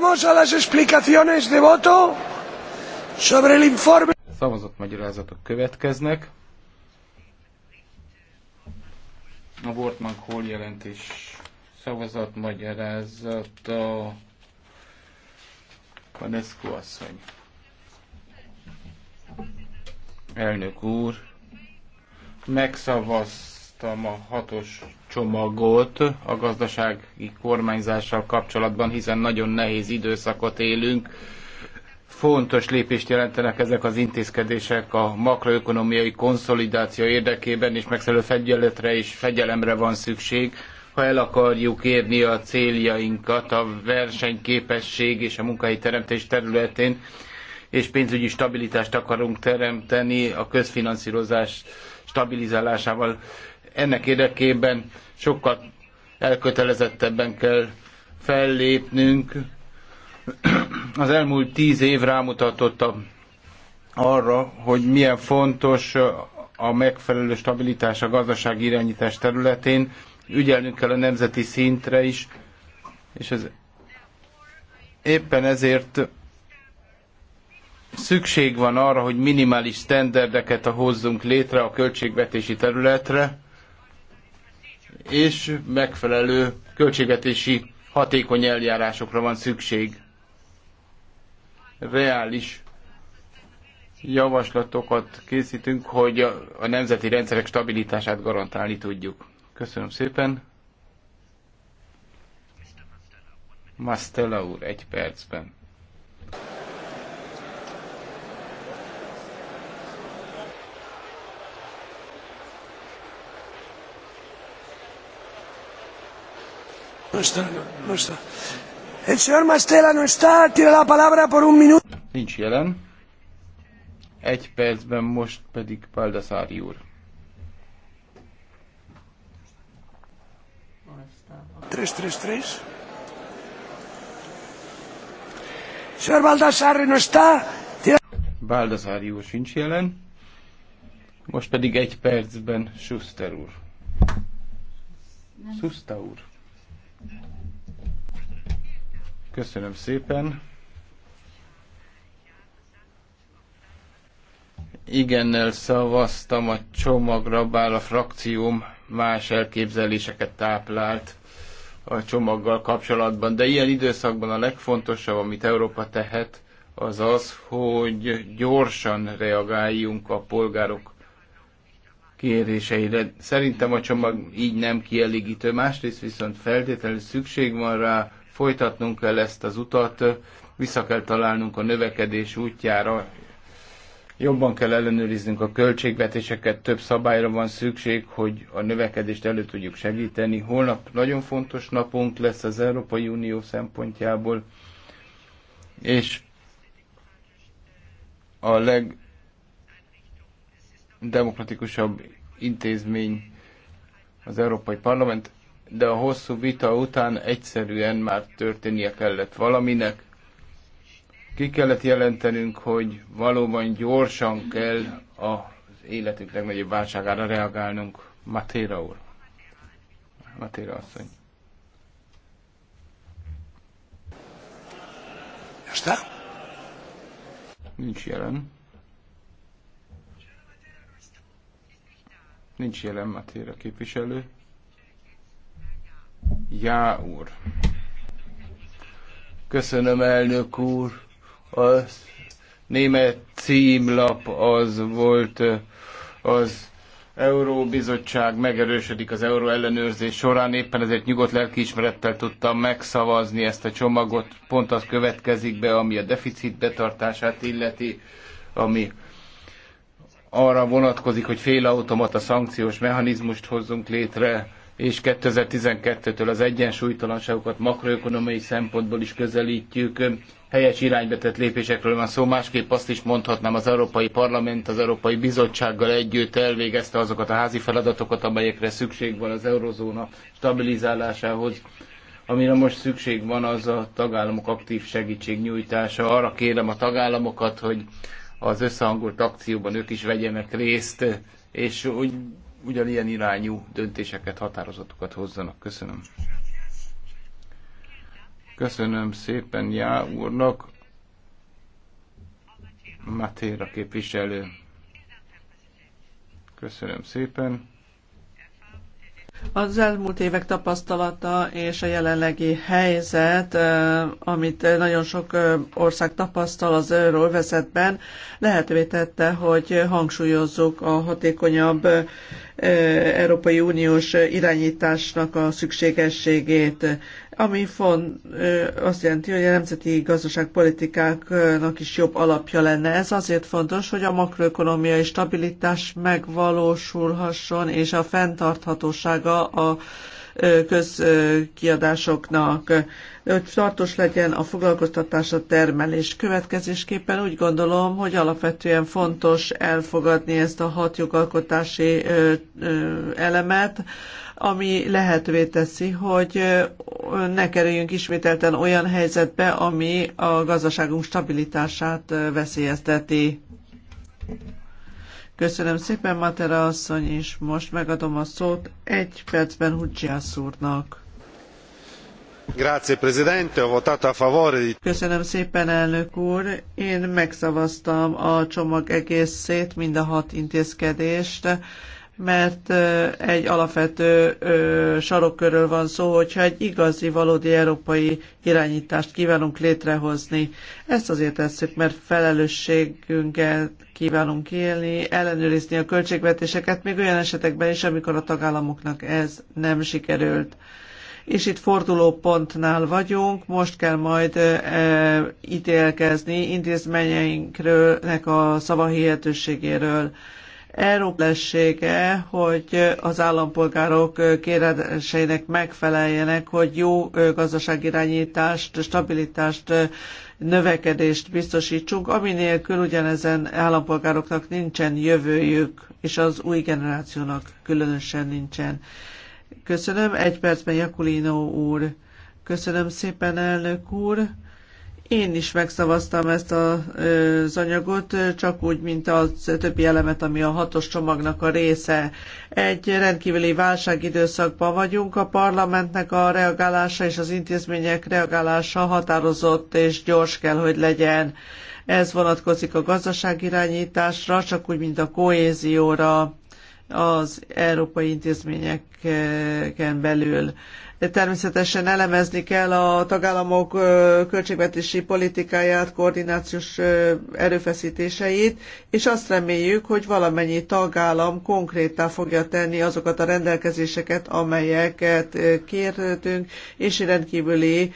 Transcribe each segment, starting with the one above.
Vamos a las explicaciones de voto sobre el informe. Szavazatmagyarázatok következnek. A Bortman Kohl jelentés szavazat magyarázat a Panesco asszony. Elnök úr, megszavaztam a hatos csomagot a gazdasági kormányzással kapcsolatban, hiszen nagyon nehéz időszakot élünk. Fontos lépést jelentenek ezek az intézkedések a makroökonomiai konszolidáció érdekében, és megfelelő fegyeletre és fegyelemre van szükség, ha el akarjuk érni a céljainkat a versenyképesség és a munkahelyi teremtés területén, és pénzügyi stabilitást akarunk teremteni a közfinanszírozás stabilizálásával ennek érdekében sokkal elkötelezettebben kell fellépnünk. Az elmúlt tíz év rámutatott a, arra, hogy milyen fontos a megfelelő stabilitás a gazdasági irányítás területén. Ügyelnünk kell a nemzeti szintre is, és ez éppen ezért szükség van arra, hogy minimális sztenderdeket hozzunk létre a költségvetési területre, és megfelelő költségvetési hatékony eljárásokra van szükség. Reális javaslatokat készítünk, hogy a nemzeti rendszerek stabilitását garantálni tudjuk. Köszönöm szépen. Mastella úr, egy percben. Nincs jelen. Egy percben most pedig Baldassari úr. Tres, tres, tres. Señor Baldassari no está. Baldassari úr sincs jelen. Most pedig egy percben Schuster úr. Suszta úr. Köszönöm szépen. Igennel szavaztam a csomagra, bár a frakcióm más elképzeléseket táplált a csomaggal kapcsolatban. De ilyen időszakban a legfontosabb, amit Európa tehet, az az, hogy gyorsan reagáljunk a polgárok kéréseire. Szerintem a csomag így nem kielégítő, másrészt viszont feltétlenül szükség van rá, folytatnunk kell ezt az utat, vissza kell találnunk a növekedés útjára, jobban kell ellenőriznünk a költségvetéseket, több szabályra van szükség, hogy a növekedést elő tudjuk segíteni. Holnap nagyon fontos napunk lesz az Európai Unió szempontjából, és a leg demokratikusabb intézmény az Európai Parlament, de a hosszú vita után egyszerűen már történnie kellett valaminek. Ki kellett jelentenünk, hogy valóban gyorsan kell az életünk legnagyobb válságára reagálnunk. Matéra úr. Matéra asszony. Está? Nincs jelen. Nincs jelen Matéra képviselő. Já úr. Köszönöm, elnök úr. A német címlap az volt az Euróbizottság megerősödik az euró ellenőrzés során, éppen ezért nyugodt lelkiismerettel tudtam megszavazni ezt a csomagot. Pont az következik be, ami a deficit betartását illeti, ami arra vonatkozik, hogy félautomata szankciós mechanizmust hozzunk létre, és 2012-től az egyensúlytalanságokat makroökonomiai szempontból is közelítjük. Helyes irányba tett lépésekről van szó, másképp azt is mondhatnám, az Európai Parlament az Európai Bizottsággal együtt elvégezte azokat a házi feladatokat, amelyekre szükség van az eurozóna stabilizálásához. Amire most szükség van, az a tagállamok aktív segítségnyújtása. Arra kérem a tagállamokat, hogy az összehangolt akcióban ők is vegyenek részt, és úgy, ugyanilyen irányú döntéseket, határozatokat hozzanak. Köszönöm. Köszönöm szépen Já úrnak. Matéra képviselő. Köszönöm szépen. Az elmúlt évek tapasztalata és a jelenlegi helyzet, eh, amit nagyon sok eh, ország tapasztal az euróvezetben, lehetővé tette, hogy hangsúlyozzuk a hatékonyabb eh, Eh, Európai Uniós irányításnak a szükségességét, ami font, eh, azt jelenti, hogy a nemzeti gazdaságpolitikáknak is jobb alapja lenne. Ez azért fontos, hogy a makroökonomiai stabilitás megvalósulhasson, és a fenntarthatósága a eh, közkiadásoknak hogy tartós legyen a foglalkoztatás a termelés. Következésképpen úgy gondolom, hogy alapvetően fontos elfogadni ezt a hat jogalkotási elemet, ami lehetővé teszi, hogy ne kerüljünk ismételten olyan helyzetbe, ami a gazdaságunk stabilitását veszélyezteti. Köszönöm szépen, Matera asszony, és most megadom a szót egy percben Hucsiász úrnak. Köszönöm szépen, elnök úr. Én megszavaztam a csomag egészét, mind a hat intézkedést, mert egy alapvető sarokkörről van szó, hogyha egy igazi, valódi európai irányítást kívánunk létrehozni. Ezt azért tesszük, mert felelősségünket kívánunk élni, ellenőrizni a költségvetéseket, még olyan esetekben is, amikor a tagállamoknak ez nem sikerült és itt fordulópontnál vagyunk, most kell majd e, ítélkezni intézményeinkről, nek a szavahihetőségéről. Európlessége, hogy az állampolgárok kérdéseinek megfeleljenek, hogy jó gazdaságirányítást, stabilitást, növekedést biztosítsunk, aminélkül ugyanezen állampolgároknak nincsen jövőjük, és az új generációnak különösen nincsen. Köszönöm. Egy percben Jakulino úr. Köszönöm szépen, elnök úr. Én is megszavaztam ezt a, az anyagot, csak úgy, mint a többi elemet, ami a hatos csomagnak a része. Egy rendkívüli válságidőszakban vagyunk, a parlamentnek a reagálása és az intézmények reagálása határozott és gyors kell, hogy legyen. Ez vonatkozik a gazdaságirányításra, csak úgy, mint a kohézióra az európai intézményeken belül. Természetesen elemezni kell a tagállamok költségvetési politikáját, koordinációs erőfeszítéseit, és azt reméljük, hogy valamennyi tagállam konkrétá fogja tenni azokat a rendelkezéseket, amelyeket kértünk, és rendkívüli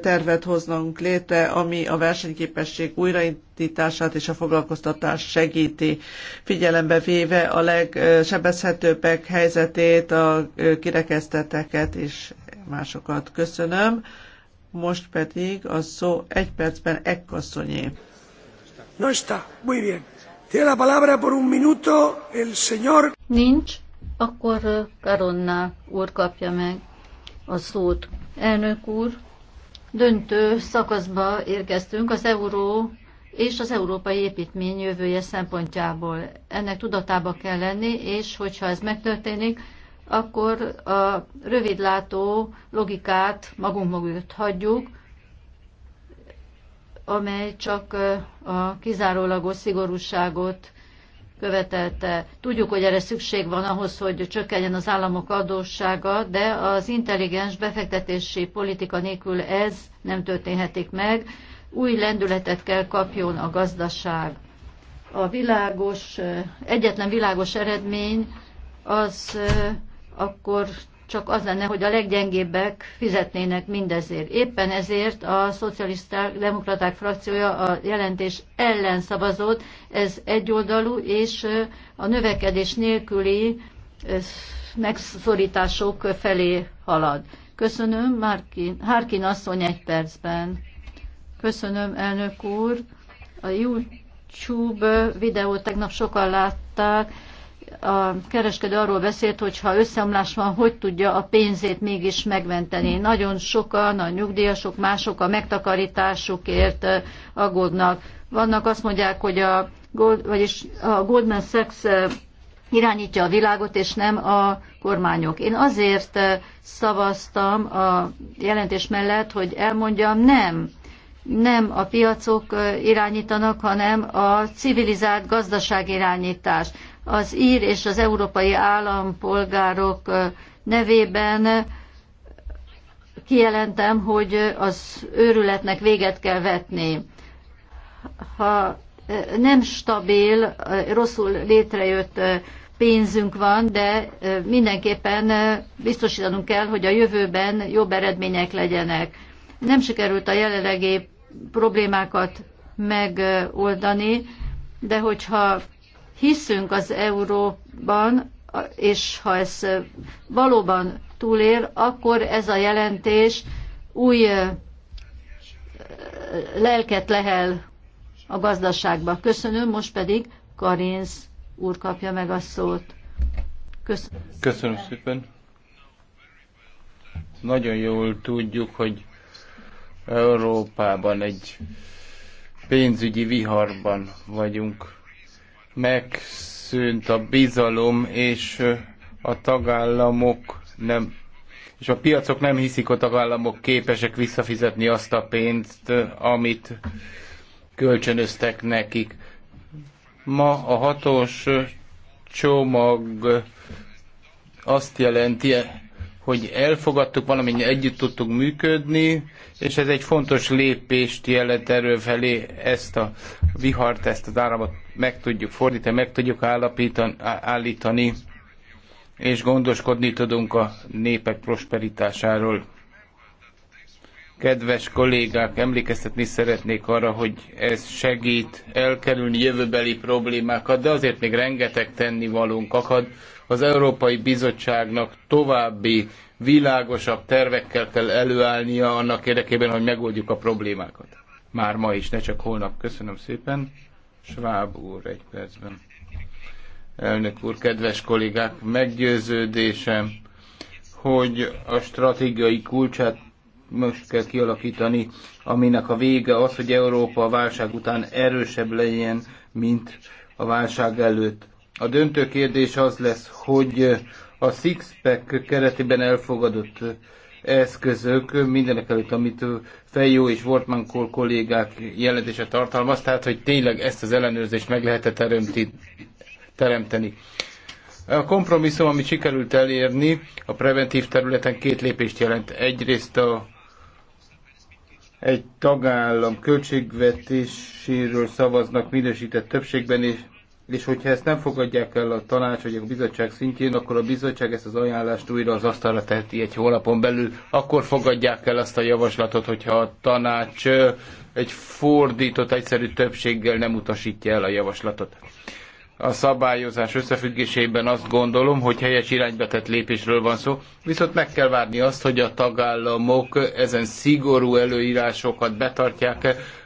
tervet hoznunk létre, ami a versenyképesség újraindítását és a foglalkoztatást segíti, figyelembe véve a legsebezhetőbbek helyzetét, a kirekesztetteket és másokat. Köszönöm. Most pedig a szó egy percben ekkasszonyé. No está. Muy bien. Tiene la palabra por un minuto el señor... Nincs. Akkor Karonna úr kapja meg a szót. Elnök úr, döntő szakaszba érkeztünk az euró és az európai építmény jövője szempontjából. Ennek tudatába kell lenni, és hogyha ez megtörténik, akkor a rövidlátó logikát magunk mögött hagyjuk, amely csak a kizárólagos szigorúságot követelte. Tudjuk, hogy erre szükség van ahhoz, hogy csökkenjen az államok adóssága, de az intelligens befektetési politika nélkül ez nem történhetik meg. Új lendületet kell kapjon a gazdaság. A világos, egyetlen világos eredmény az akkor csak az lenne, hogy a leggyengébbek fizetnének mindezért. Éppen ezért a szocialisták, demokraták frakciója a jelentés ellen szavazott, ez egyoldalú, és a növekedés nélküli megszorítások felé halad. Köszönöm, Márkin, Hárkin asszony egy percben. Köszönöm, elnök úr. A YouTube videót tegnap sokan látták, a kereskedő arról beszélt, hogy ha összeomlás van, hogy tudja a pénzét mégis megmenteni. Nagyon sokan, a nyugdíjasok, mások a megtakarításukért aggódnak. Vannak azt mondják, hogy a, Gold, vagyis a Goldman Sachs irányítja a világot, és nem a kormányok. Én azért szavaztam a jelentés mellett, hogy elmondjam, nem nem a piacok irányítanak, hanem a civilizált gazdaság irányítás az ír és az európai állampolgárok nevében kijelentem, hogy az őrületnek véget kell vetni. Ha nem stabil, rosszul létrejött pénzünk van, de mindenképpen biztosítanunk kell, hogy a jövőben jobb eredmények legyenek. Nem sikerült a jelenlegi problémákat megoldani, de hogyha hiszünk az Euróban, és ha ez valóban túlél, akkor ez a jelentés új lelket lehel a gazdaságba. Köszönöm, most pedig Karinz úr kapja meg a szót. Köszönöm, Köszönöm szépen. Nagyon jól tudjuk, hogy Európában egy pénzügyi viharban vagyunk megszűnt a bizalom, és a tagállamok nem és a piacok nem hiszik, hogy a tagállamok képesek visszafizetni azt a pénzt, amit kölcsönöztek nekik. Ma a hatós csomag azt jelenti, hogy elfogadtuk, valamint együtt tudtuk működni, és ez egy fontos lépést jelent erről felé, ezt a vihart, ezt az áramot meg tudjuk fordítani, meg tudjuk állapítani, állítani, és gondoskodni tudunk a népek prosperitásáról. Kedves kollégák, emlékeztetni szeretnék arra, hogy ez segít elkerülni jövőbeli problémákat, de azért még rengeteg tennivalónk akad az Európai Bizottságnak további világosabb tervekkel kell előállnia annak érdekében, hogy megoldjuk a problémákat. Már ma is, ne csak holnap. Köszönöm szépen. Schwab úr, egy percben. Elnök úr, kedves kollégák, meggyőződésem, hogy a stratégiai kulcsát most kell kialakítani, aminek a vége az, hogy Európa a válság után erősebb legyen, mint a válság előtt. A döntő kérdés az lesz, hogy a Sixpack keretében elfogadott eszközök, mindenek előtt, amit Fejó és Wortman kollégák jelentése tartalmaz, tehát hogy tényleg ezt az ellenőrzést meg lehet -e teremteni. A kompromisszum, amit sikerült elérni, a preventív területen két lépést jelent. Egyrészt a, egy tagállam költségvetéséről szavaznak minősített többségben, és és hogyha ezt nem fogadják el a tanács vagy a bizottság szintjén, akkor a bizottság ezt az ajánlást újra az asztalra teheti egy hónapon belül. Akkor fogadják el azt a javaslatot, hogyha a tanács egy fordított, egyszerű többséggel nem utasítja el a javaslatot. A szabályozás összefüggésében azt gondolom, hogy helyes irányba tett lépésről van szó, viszont meg kell várni azt, hogy a tagállamok ezen szigorú előírásokat betartják-e,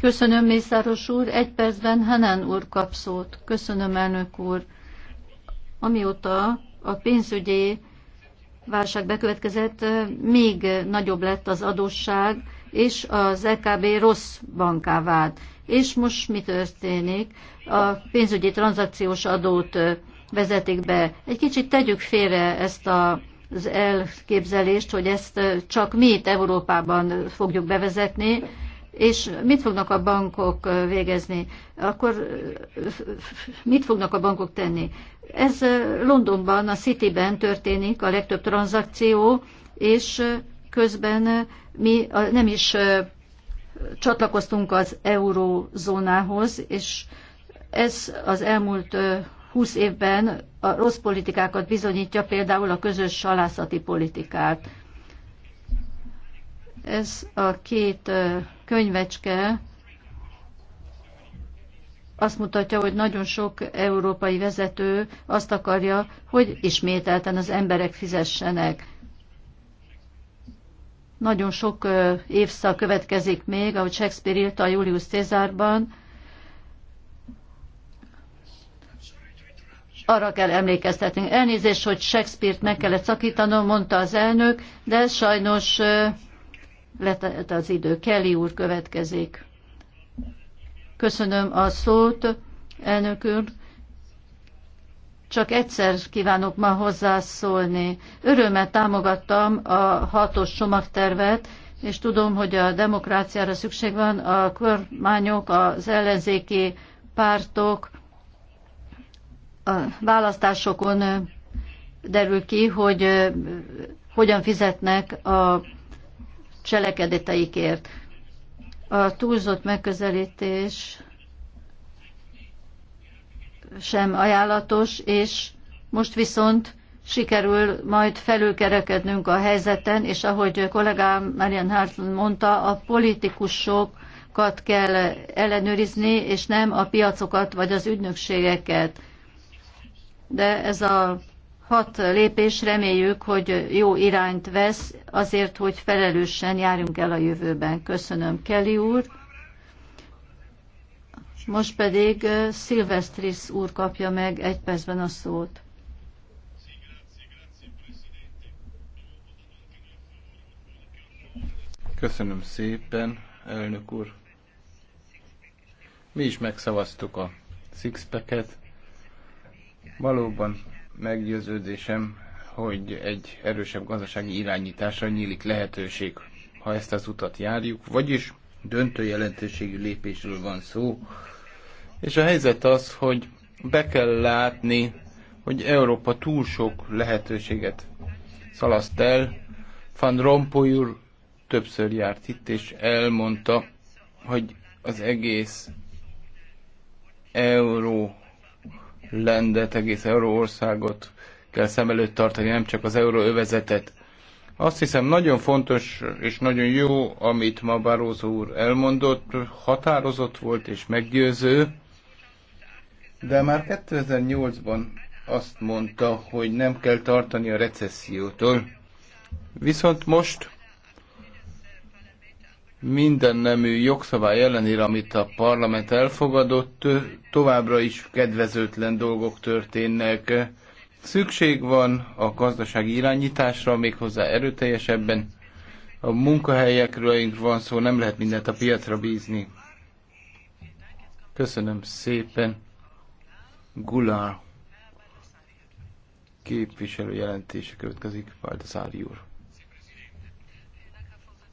Köszönöm, Mészáros úr. Egy percben Hanan úr kap szót. Köszönöm, elnök úr. Amióta a pénzügyi válság bekövetkezett, még nagyobb lett az adósság, és az LKB rossz banká vált. És most mi történik? A pénzügyi tranzakciós adót vezetik be. Egy kicsit tegyük félre ezt a az elképzelést, hogy ezt csak mi itt Európában fogjuk bevezetni, és mit fognak a bankok végezni? Akkor mit fognak a bankok tenni? Ez Londonban, a Cityben történik a legtöbb tranzakció, és közben mi nem is csatlakoztunk az eurózónához, és ez az elmúlt 20 évben a rossz politikákat bizonyítja, például a közös salászati politikát. Ez a két könyvecske azt mutatja, hogy nagyon sok európai vezető azt akarja, hogy ismételten az emberek fizessenek. Nagyon sok évszak következik még, ahogy Shakespeare írta a Julius Cézárban, arra kell emlékeztetnünk. Elnézést, hogy Shakespeare-t meg kellett szakítanom, mondta az elnök, de sajnos letelt az idő. Kelly úr következik. Köszönöm a szót, elnök úr. Csak egyszer kívánok ma hozzászólni. Örömmel támogattam a hatos csomagtervet, és tudom, hogy a demokráciára szükség van, a kormányok, az ellenzéki pártok a választásokon derül ki, hogy hogyan fizetnek a cselekedeteikért. A túlzott megközelítés sem ajánlatos, és most viszont sikerül majd felülkerekednünk a helyzeten, és ahogy kollégám Marian Hartland mondta, a politikusokat kell ellenőrizni, és nem a piacokat vagy az ügynökségeket de ez a hat lépés reméljük, hogy jó irányt vesz azért, hogy felelősen járjunk el a jövőben. Köszönöm, Kelly úr. Most pedig Szilvesztris úr kapja meg egy percben a szót. Köszönöm szépen, elnök úr. Mi is megszavaztuk a sixpacket, Valóban meggyőződésem, hogy egy erősebb gazdasági irányításra nyílik lehetőség, ha ezt az utat járjuk, vagyis döntő jelentőségű lépésről van szó. És a helyzet az, hogy be kell látni, hogy Európa túl sok lehetőséget szalaszt el. Van Rompuy úr többször járt itt, és elmondta, hogy az egész euró lendet, egész Euróországot kell szem előtt tartani, nem csak az euróövezetet. Azt hiszem nagyon fontos és nagyon jó, amit ma Barózó úr elmondott, határozott volt és meggyőző, de már 2008-ban azt mondta, hogy nem kell tartani a recessziótól. Viszont most minden nemű jogszabály ellenére, amit a parlament elfogadott, továbbra is kedvezőtlen dolgok történnek. Szükség van a gazdasági irányításra, méghozzá erőteljesebben. A munkahelyekről van szó, nem lehet mindent a piacra bízni. Köszönöm szépen. Gulár képviselő jelentése következik, Valdeszári úr.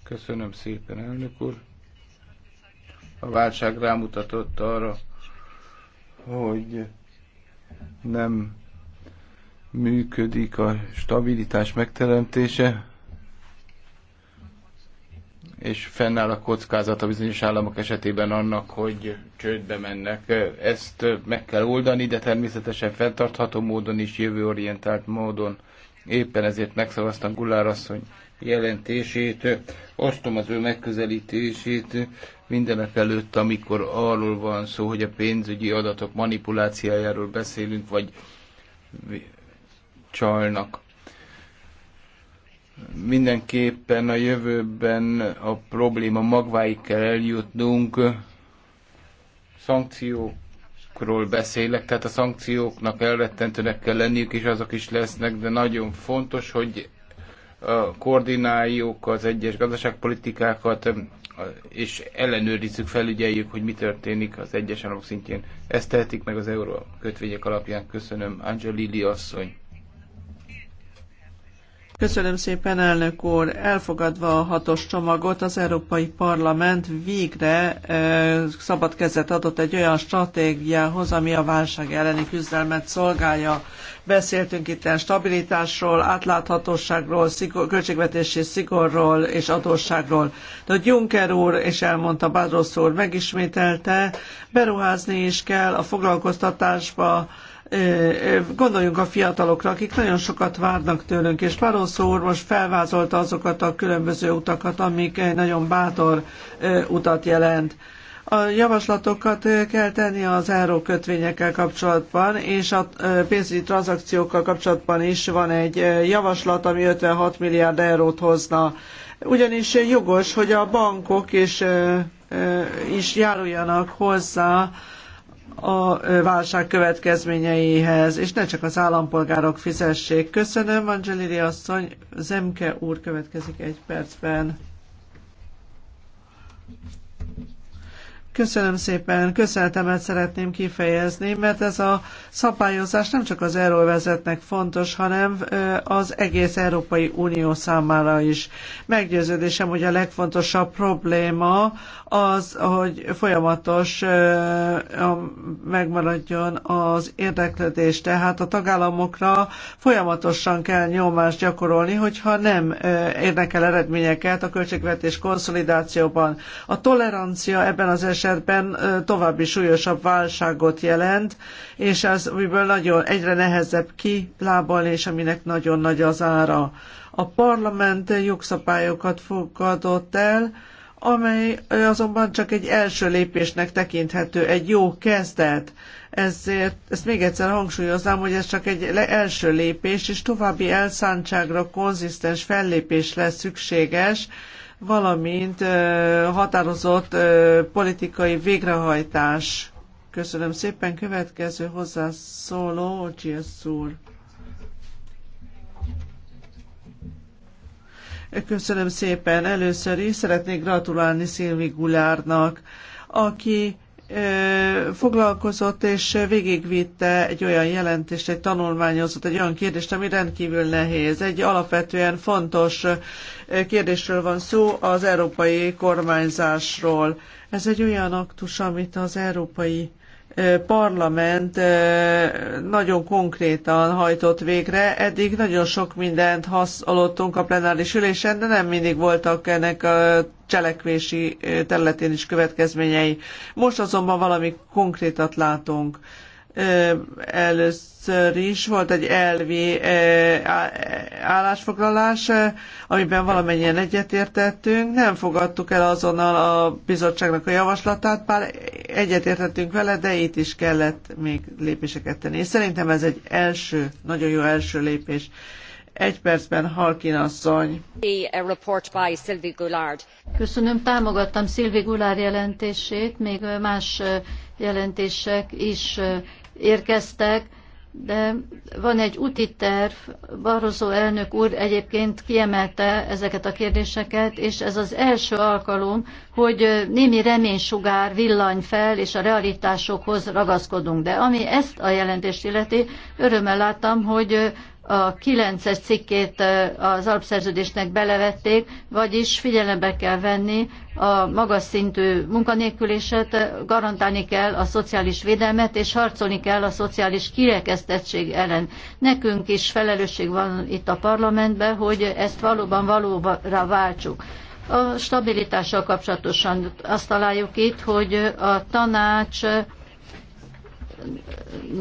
Köszönöm szépen, elnök úr. A válság rámutatott arra, hogy nem működik a stabilitás megteremtése, és fennáll a kockázat a bizonyos államok esetében annak, hogy csődbe mennek. Ezt meg kell oldani, de természetesen fenntartható módon is, jövőorientált módon. Éppen ezért megszavaztam Gullár asszony jelentését, osztom az ő megközelítését mindenek előtt, amikor arról van szó, hogy a pénzügyi adatok manipulációjáról beszélünk, vagy csalnak. Mindenképpen a jövőben a probléma magváig kell eljutnunk, szankciókról beszélek, tehát a szankcióknak elrettentőnek kell lenniük, és azok is lesznek, de nagyon fontos, hogy koordináljuk az egyes gazdaságpolitikákat, és ellenőrizzük, felügyeljük, hogy mi történik az egyes államok szintjén. Ezt tehetik meg az euró kötvények alapján. Köszönöm, Angelili asszony. Köszönöm szépen, elnök úr! Elfogadva a hatos csomagot, az Európai Parlament végre e, szabad kezet adott egy olyan stratégiához, ami a válság elleni küzdelmet szolgálja. Beszéltünk itt stabilitásról, átláthatóságról, szigor, költségvetési szigorról és adósságról. De Juncker úr, és elmondta Badrosz úr, megismételte, beruházni is kell a foglalkoztatásba, gondoljunk a fiatalokra, akik nagyon sokat várnak tőlünk, és Barroso úr most felvázolta azokat a különböző utakat, amik egy nagyon bátor utat jelent. A javaslatokat kell tenni az kötvényekkel kapcsolatban, és a pénzügyi tranzakciókkal kapcsolatban is van egy javaslat, ami 56 milliárd eurót hozna. Ugyanis jogos, hogy a bankok is, is járuljanak hozzá, a válság következményeihez, és ne csak az állampolgárok fizessék. Köszönöm, Angelili asszony. Zemke úr következik egy percben. Köszönöm szépen, köszönetemet szeretném kifejezni, mert ez a szabályozás nem csak az euróvezetnek fontos, hanem az egész Európai Unió számára is. Meggyőződésem, hogy a legfontosabb probléma az, hogy folyamatos megmaradjon az érdeklődés. Tehát a tagállamokra folyamatosan kell nyomást gyakorolni, hogyha nem érnek el eredményeket a költségvetés konszolidációban. A tolerancia ebben az esetben további súlyosabb válságot jelent, és ez az, amiből nagyon egyre nehezebb kilábalni, és aminek nagyon nagy az ára. A parlament jogszabályokat fogadott el, amely azonban csak egy első lépésnek tekinthető, egy jó kezdet. Ezért ezt még egyszer hangsúlyoznám, hogy ez csak egy első lépés, és további elszántságra, konzisztens fellépés lesz szükséges, valamint határozott politikai végrehajtás Köszönöm szépen. Következő hozzászóló, Gilles úr. Köszönöm szépen. Először is szeretnék gratulálni Szilvi Gulárnak, aki foglalkozott és végigvitte egy olyan jelentést, egy tanulmányozott, egy olyan kérdést, ami rendkívül nehéz. Egy alapvetően fontos kérdésről van szó, az európai kormányzásról. Ez egy olyan aktus, amit az európai parlament nagyon konkrétan hajtott végre. Eddig nagyon sok mindent hallottunk a plenáris ülésen, de nem mindig voltak ennek a cselekvési területén is következményei. Most azonban valami konkrétat látunk először is volt egy elvi állásfoglalás, amiben valamennyien egyetértettünk. Nem fogadtuk el azonnal a bizottságnak a javaslatát, bár egyetértettünk vele, de itt is kellett még lépéseket tenni. És szerintem ez egy első, nagyon jó első lépés. Egy percben Halkin asszony. Köszönöm, támogattam Sylvie Goulard jelentését, még más jelentések is érkeztek, de van egy úti terv, Barroso elnök úr egyébként kiemelte ezeket a kérdéseket, és ez az első alkalom, hogy némi reménysugár villany fel, és a realitásokhoz ragaszkodunk. De ami ezt a jelentést illeti, örömmel láttam, hogy a 9-es cikkét az alapszerződésnek belevették, vagyis figyelembe kell venni a magas szintű munkanélküléset, garantálni kell a szociális védelmet, és harcolni kell a szociális kirekesztettség ellen. Nekünk is felelősség van itt a parlamentben, hogy ezt valóban valóra váltsuk. A stabilitással kapcsolatosan azt találjuk itt, hogy a tanács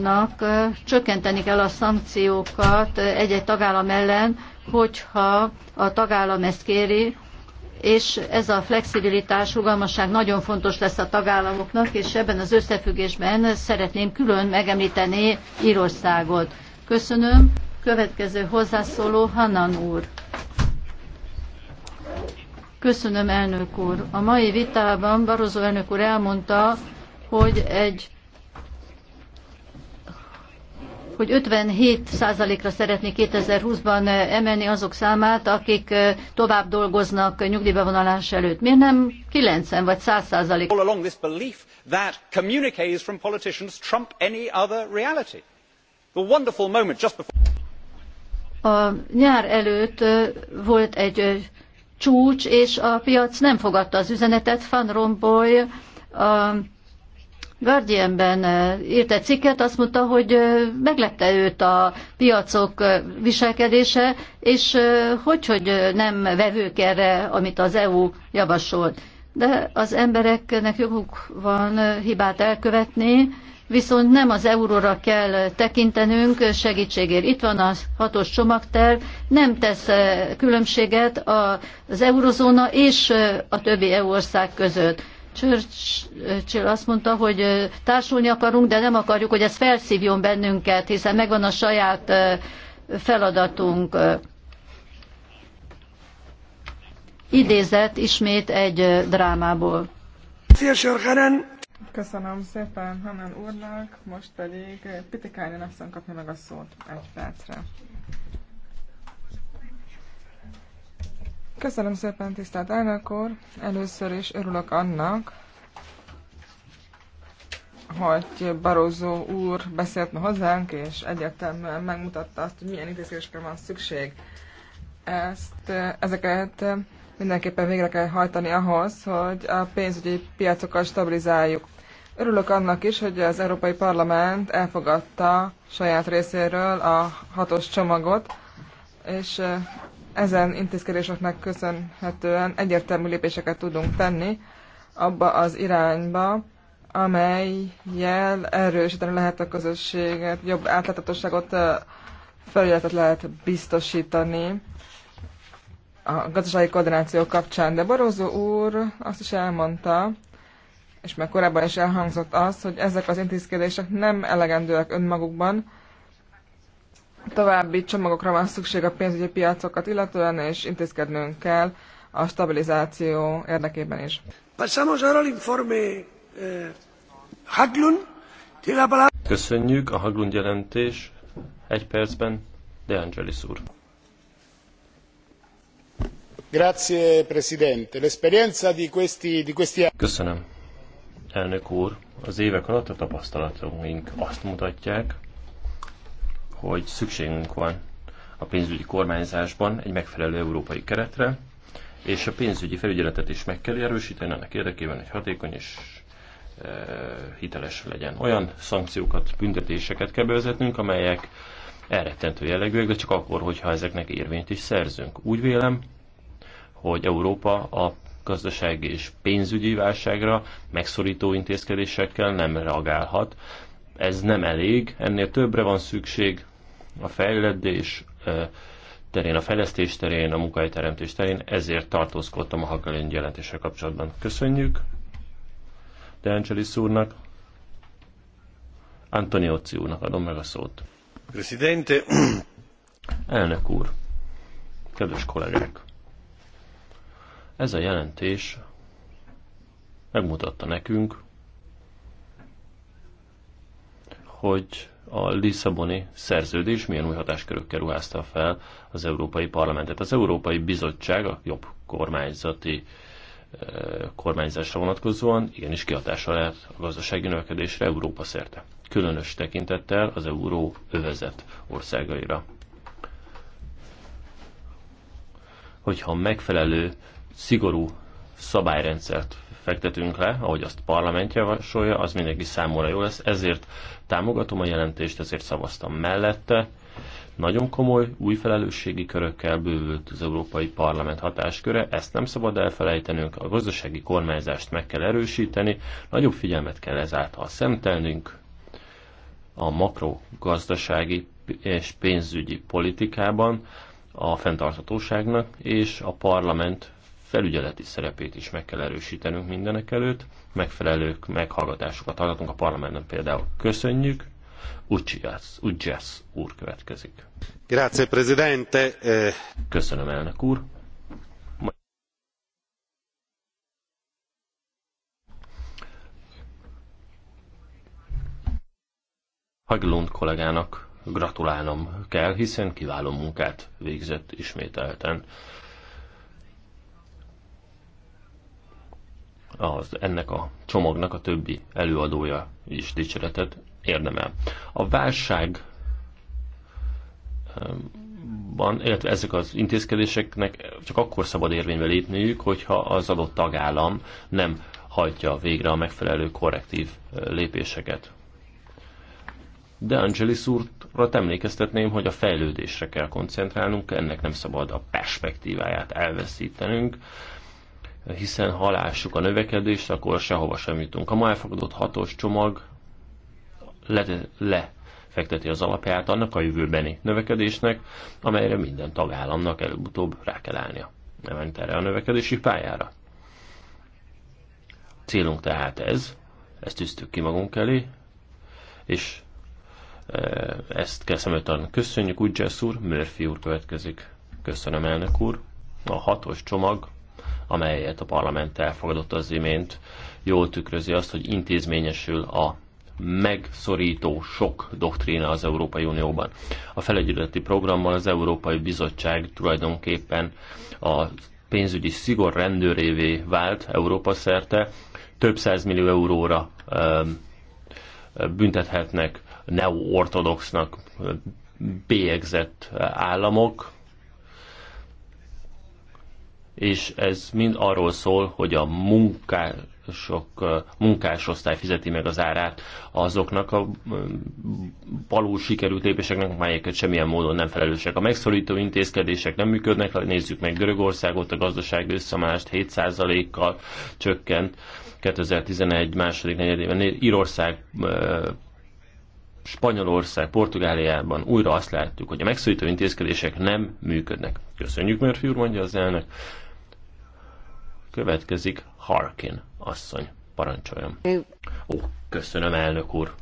nak csökkenteni kell a szankciókat egy-egy tagállam ellen, hogyha a tagállam ezt kéri, és ez a flexibilitás, rugalmasság nagyon fontos lesz a tagállamoknak, és ebben az összefüggésben szeretném külön megemlíteni Írországot. Köszönöm. Következő hozzászóló Hanan úr. Köszönöm, elnök úr. A mai vitában Barozó elnök úr elmondta, hogy egy hogy 57%-ra szeretné 2020-ban emelni azok számát, akik tovább dolgoznak nyugdíjbevonalás előtt. Miért nem 90 vagy 100%? A nyár előtt volt egy csúcs, és a piac nem fogadta az üzenetet. Van Rompuy, a Guardianben eh, írt egy cikket, azt mondta, hogy eh, meglepte őt a piacok eh, viselkedése, és hogy, hogy nem vevők erre, amit az EU javasolt. De az embereknek joguk van hibát elkövetni, viszont nem az euróra kell tekintenünk segítségért. Itt van a hatos csomagterv, nem tesz különbséget az eurozóna és a többi EU ország között. Churchill azt mondta, hogy társulni akarunk, de nem akarjuk, hogy ez felszívjon bennünket, hiszen megvan a saját feladatunk. Idézett ismét egy drámából. Köszönöm szépen Hanan úrnak, most pedig Pitikányan azt kapja meg a szót egy percre. Köszönöm szépen, tisztelt elnök úr! Először is örülök annak, hogy Barózó úr beszélt ma hozzánk, és egyértelműen megmutatta azt, hogy milyen intézkedésre van szükség. Ezt, ezeket mindenképpen végre kell hajtani ahhoz, hogy a pénzügyi piacokat stabilizáljuk. Örülök annak is, hogy az Európai Parlament elfogadta saját részéről a hatos csomagot, és ezen intézkedéseknek köszönhetően egyértelmű lépéseket tudunk tenni abba az irányba, amelyel erősíteni lehet a közösséget, jobb átláthatóságot, felületet lehet biztosítani a gazdasági koordináció kapcsán. De Barózó úr azt is elmondta, és már korábban is elhangzott az, hogy ezek az intézkedések nem elegendőek önmagukban, További csomagokra van szükség a pénzügyi piacokat illetően, és intézkednünk kell a stabilizáció érdekében is. Eh, Köszönjük a Haglund jelentés. Egy percben De Angelis úr. Grazie, Presidente. L'esperienza di questi, di questi... Köszönöm, elnök úr. Az évek alatt a tapasztalatunk azt mutatják, hogy szükségünk van a pénzügyi kormányzásban egy megfelelő európai keretre, és a pénzügyi felügyeletet is meg kell erősíteni annak érdekében, hogy hatékony és e, hiteles legyen. Olyan szankciókat, büntetéseket kell bevezetnünk, amelyek elrettentő jellegűek, de csak akkor, hogyha ezeknek érvényt is szerzünk. Úgy vélem, hogy Európa a gazdasági és pénzügyi válságra megszorító intézkedésekkel nem reagálhat. Ez nem elég, ennél többre van szükség, a fejlődés terén, a fejlesztés terén, a munkahelyteremtés terén, ezért tartózkodtam a Hakalén jelentéssel kapcsolatban. Köszönjük De Angelis úrnak, Antoniozzi úrnak adom meg a szót. Presidente. Elnök úr, kedves kollégák, ez a jelentés megmutatta nekünk, hogy a Lisszaboni szerződés milyen új hatáskörökkel ruházta fel az Európai Parlamentet. Az Európai Bizottság a jobb kormányzati eh, kormányzásra vonatkozóan igenis kihatása lehet a gazdasági növekedésre Európa szerte. Különös tekintettel az euró övezet országaira. Hogyha megfelelő, szigorú szabályrendszert fektetünk le, ahogy azt parlament javasolja, az mindenki számomra jó lesz. Ezért támogatom a jelentést, ezért szavaztam mellette. Nagyon komoly új felelősségi körökkel bővült az Európai Parlament hatásköre, ezt nem szabad elfelejtenünk, a gazdasági kormányzást meg kell erősíteni, nagyobb figyelmet kell ezáltal szemtelnünk a makrogazdasági és pénzügyi politikában a fenntarthatóságnak, és a parlament felügyeleti szerepét is meg kell erősítenünk mindenek előtt. Megfelelő meghallgatásokat hallgatunk a parlamentben például. Köszönjük. Ugyász, Ugyász úr következik. Grazie, Presidente. Köszönöm, elnök úr. Haglund kollégának gratulálnom kell, hiszen kiváló munkát végzett ismételten. az, ennek a csomagnak a többi előadója is dicséretet érdemel. A válság ehm, van, illetve ezek az intézkedéseknek csak akkor szabad érvénybe lépniük, hogyha az adott tagállam nem hajtja végre a megfelelő korrektív lépéseket. De Angelis úrra emlékeztetném, hogy a fejlődésre kell koncentrálnunk, ennek nem szabad a perspektíváját elveszítenünk, hiszen ha lássuk a növekedést, akkor sehova sem jutunk. A ma elfogadott hatos csomag le, le fekteti az alapját annak a jövőbeni növekedésnek, amelyre minden tagállamnak előbb-utóbb rá kell állnia. Nem erre a növekedési pályára. Célunk tehát ez, ezt tűztük ki magunk elé, és e, ezt kell szem köszönjük, úgy Jess úr, Murphy úr következik. Köszönöm, elnök úr. A hatos csomag amelyet a parlament elfogadott az imént, jól tükrözi azt, hogy intézményesül a megszorító sok doktrína az Európai Unióban. A felegyületi programban az Európai Bizottság tulajdonképpen a pénzügyi szigor rendőrévé vált Európa szerte, több millió euróra büntethetnek neoortodoxnak bélyegzett államok, és ez mind arról szól, hogy a munkások, munkásosztály fizeti meg az árát azoknak a való sikerült lépéseknek, melyeket semmilyen módon nem felelősek. A megszorító intézkedések nem működnek, nézzük meg Görögországot, a gazdaság összeomlást 7%-kal csökkent 2011 második negyedében, Írország Spanyolország, Portugáliában újra azt láttuk, hogy a megszorító intézkedések nem működnek. Köszönjük, mert úr, mondja az elnök. Következik Harkin asszony. Parancsoljon. Ó, köszönöm, elnök úr.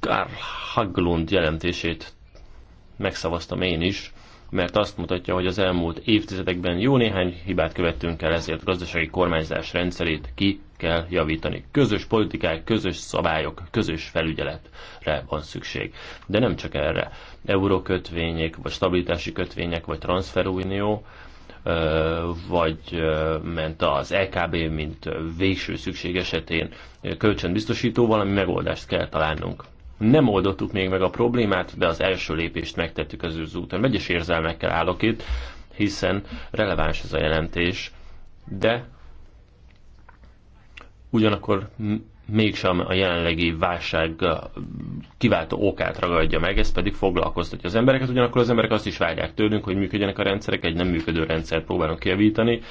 Karl Haglund jelentését megszavaztam én is, mert azt mutatja, hogy az elmúlt évtizedekben jó néhány hibát követtünk el, ezért gazdasági kormányzás rendszerét ki kell javítani. Közös politikák, közös szabályok, közös felügyeletre van szükség. De nem csak erre. Eurókötvények, vagy stabilitási kötvények, vagy transferunió, vagy ment az LKB, e mint végső szükség esetén kölcsönbiztosító, valami megoldást kell találnunk. Nem oldottuk még meg a problémát, de az első lépést megtettük az úton. Vegyes érzelmekkel állok itt, hiszen releváns ez a jelentés, de ugyanakkor mégsem a jelenlegi válság kiváltó okát ragadja meg, ez pedig foglalkoztatja az embereket, ugyanakkor az emberek azt is várják tőlünk, hogy működjenek a rendszerek, egy nem működő rendszert próbálunk javítani.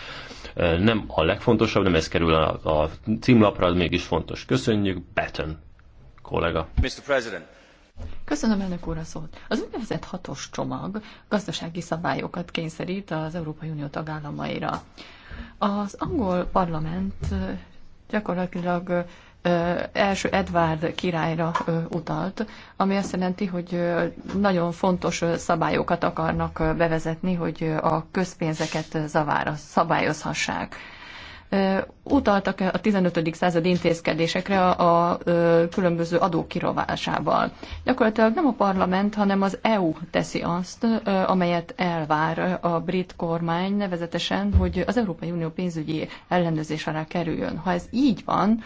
Nem a legfontosabb, nem ez kerül a, a címlapra, az mégis fontos. Köszönjük, Batten kollega. Mr. President. Köszönöm elnök úr a szót. Az úgynevezett hatos csomag gazdasági szabályokat kényszerít az Európai Unió tagállamaira. Az angol parlament gyakorlatilag első Edvard királyra utalt, ami azt jelenti, hogy nagyon fontos szabályokat akarnak bevezetni, hogy a közpénzeket zavára szabályozhassák. Utaltak a 15. század intézkedésekre a, különböző adók kirovásával. Gyakorlatilag nem a parlament, hanem az EU teszi azt, amelyet elvár a brit kormány, nevezetesen, hogy az Európai Unió pénzügyi ellenőrzés alá kerüljön. Ha ez így van,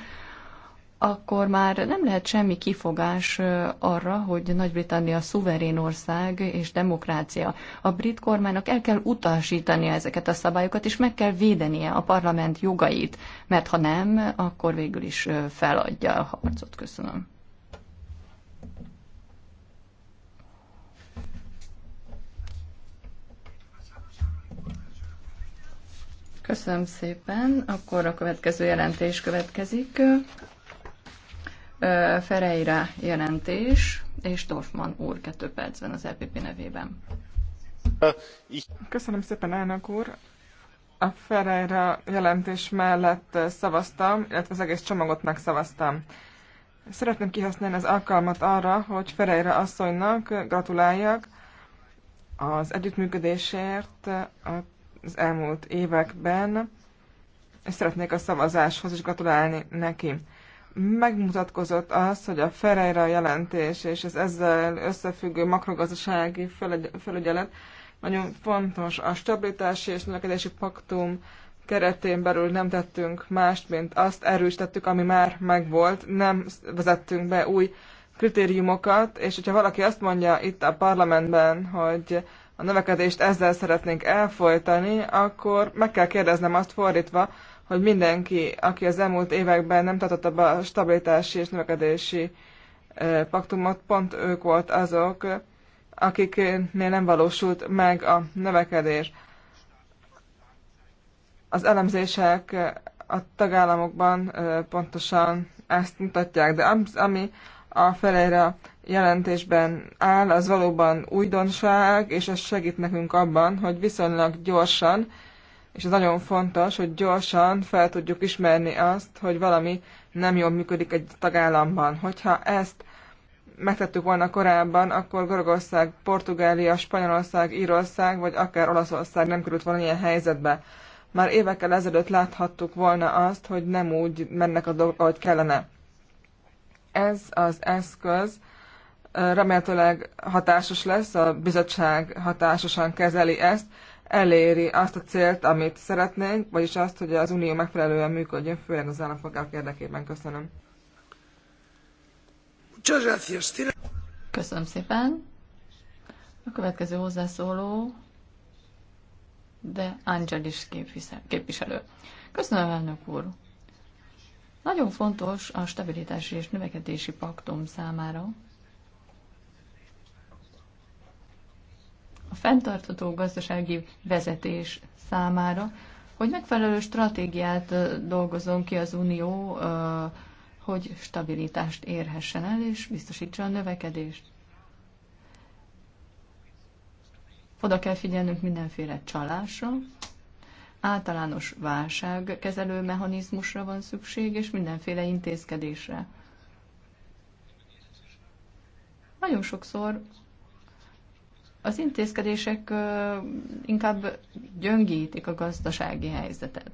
akkor már nem lehet semmi kifogás arra, hogy Nagy-Britannia szuverén ország és demokrácia. A brit kormánynak el kell utasítania ezeket a szabályokat, és meg kell védenie a parlament jogait, mert ha nem, akkor végül is feladja a harcot. Köszönöm. Köszönöm szépen. Akkor a következő jelentés következik. Ferreira jelentés, és Dorfman úr kettő percben az LPP e nevében. Köszönöm szépen, elnök úr! A Ferreira jelentés mellett szavaztam, illetve az egész csomagot megszavaztam. Szeretném kihasználni az alkalmat arra, hogy Ferreira asszonynak gratuláljak az együttműködésért az elmúlt években, és szeretnék a szavazáshoz is gratulálni neki megmutatkozott az, hogy a Ferreira jelentés és az ezzel összefüggő makrogazdasági felügyelet nagyon fontos. A stabilitási és növekedési paktum keretén belül nem tettünk mást, mint azt erősítettük, ami már megvolt, nem vezettünk be új kritériumokat, és hogyha valaki azt mondja itt a parlamentben, hogy a növekedést ezzel szeretnénk elfolytani, akkor meg kell kérdeznem azt fordítva, hogy mindenki, aki az elmúlt években nem tartotta be a stabilitási és növekedési paktumot, pont ők volt azok, akiknél nem valósult meg a növekedés. Az elemzések a tagállamokban pontosan ezt mutatják, de ami a felére jelentésben áll, az valóban újdonság, és ez segít nekünk abban, hogy viszonylag gyorsan és ez nagyon fontos, hogy gyorsan fel tudjuk ismerni azt, hogy valami nem jól működik egy tagállamban. Hogyha ezt megtettük volna korábban, akkor Görögország, Portugália, Spanyolország, Írország vagy akár Olaszország nem került volna ilyen helyzetbe. Már évekkel ezelőtt láthattuk volna azt, hogy nem úgy mennek a dolgok, ahogy kellene. Ez az eszköz remélhetőleg hatásos lesz, a bizottság hatásosan kezeli ezt, eléri azt a célt, amit szeretnénk, vagyis azt, hogy az Unió megfelelően működjön, főleg az állampolgárok érdekében. Köszönöm. Köszönöm szépen. A következő hozzászóló, de Angelis képviselő. Köszönöm, elnök úr. Nagyon fontos a stabilitási és növekedési paktum számára, a fenntartható gazdasági vezetés számára, hogy megfelelő stratégiát dolgozzon ki az Unió, hogy stabilitást érhessen el, és biztosítsa a növekedést. Oda kell figyelnünk mindenféle csalásra, általános válságkezelő mechanizmusra van szükség, és mindenféle intézkedésre. Nagyon sokszor az intézkedések inkább gyöngítik a gazdasági helyzetet.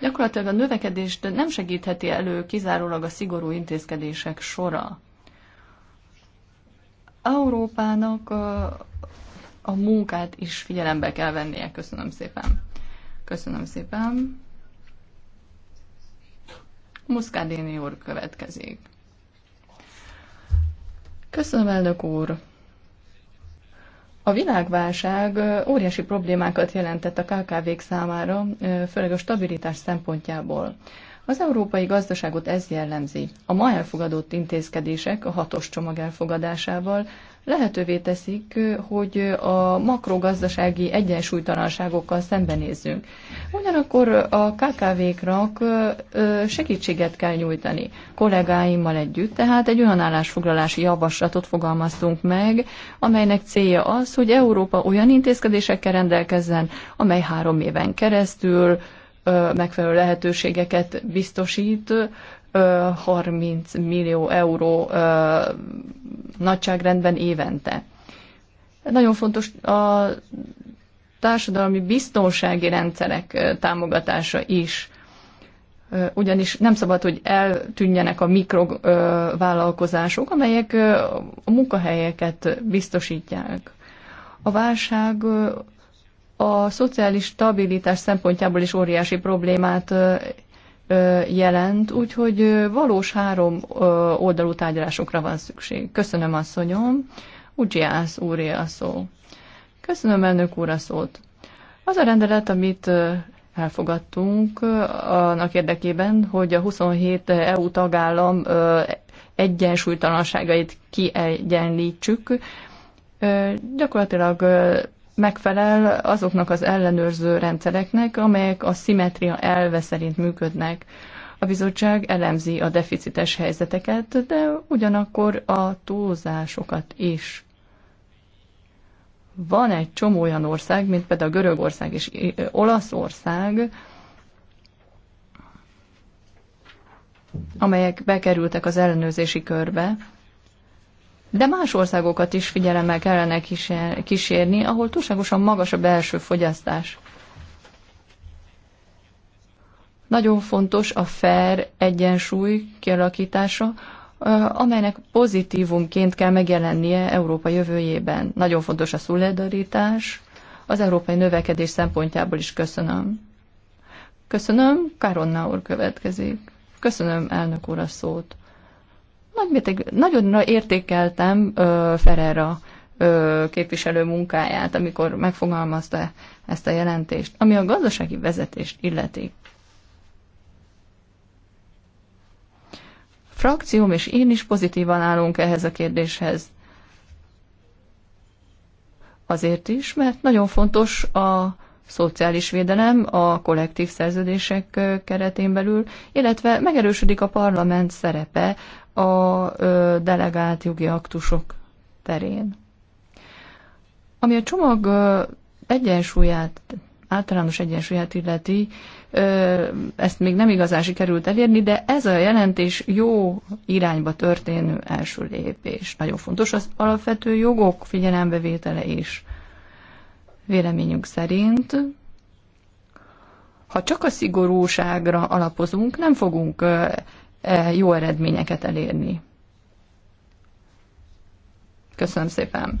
Gyakorlatilag a növekedést nem segítheti elő kizárólag a szigorú intézkedések sora. Európának a, a munkát is figyelembe kell vennie. Köszönöm szépen. Köszönöm szépen. Muszkádéni úr következik. Köszönöm, elnök úr! A világválság óriási problémákat jelentett a KKV-k számára, főleg a stabilitás szempontjából. Az európai gazdaságot ez jellemzi. A ma elfogadott intézkedések a hatos csomag elfogadásával lehetővé teszik, hogy a makrogazdasági egyensúlytalanságokkal szembenézzünk. Ugyanakkor a KKV-knak segítséget kell nyújtani. Kollégáimmal együtt tehát egy olyan állásfoglalási javaslatot fogalmaztunk meg, amelynek célja az, hogy Európa olyan intézkedésekkel rendelkezzen, amely három éven keresztül megfelelő lehetőségeket biztosít 30 millió euró nagyságrendben évente. Nagyon fontos a társadalmi biztonsági rendszerek támogatása is, ugyanis nem szabad, hogy eltűnjenek a mikrovállalkozások, amelyek a munkahelyeket biztosítják. A válság a szociális stabilitás szempontjából is óriási problémát jelent, úgyhogy valós három oldalú tárgyalásokra van szükség. Köszönöm, asszonyom. Ugyász úré a szó. Köszönöm, elnök úr, a szót. Az a rendelet, amit elfogadtunk annak érdekében, hogy a 27 EU tagállam egyensúlytalanságait kiegyenlítsük, gyakorlatilag megfelel azoknak az ellenőrző rendszereknek, amelyek a szimetria elve szerint működnek. A bizottság elemzi a deficites helyzeteket, de ugyanakkor a túlzásokat is. Van egy csomó olyan ország, mint például Görögország és Olaszország, amelyek bekerültek az ellenőrzési körbe, de más országokat is figyelemmel kellene kísérni, ahol túlságosan magas a belső fogyasztás. Nagyon fontos a fair egyensúly kialakítása, amelynek pozitívumként kell megjelennie Európa jövőjében. Nagyon fontos a szolidaritás, az európai növekedés szempontjából is köszönöm. Köszönöm, Karonna úr következik. Köszönöm, elnök úr, a szót. Nagybeteg, nagyon értékeltem ö, Ferrera ö, képviselő munkáját, amikor megfogalmazta ezt a jelentést, ami a gazdasági vezetést illeti. Frakcióm és én is pozitívan állunk ehhez a kérdéshez. Azért is, mert nagyon fontos a szociális védelem a kollektív szerződések keretén belül, illetve megerősödik a parlament szerepe a delegált jogi aktusok terén. Ami a csomag egyensúlyát, általános egyensúlyát illeti, ezt még nem igazán sikerült elérni, de ez a jelentés jó irányba történő első lépés. Nagyon fontos az alapvető jogok figyelembevétele is. Véleményünk szerint, ha csak a szigorúságra alapozunk, nem fogunk jó eredményeket elérni. Köszönöm szépen!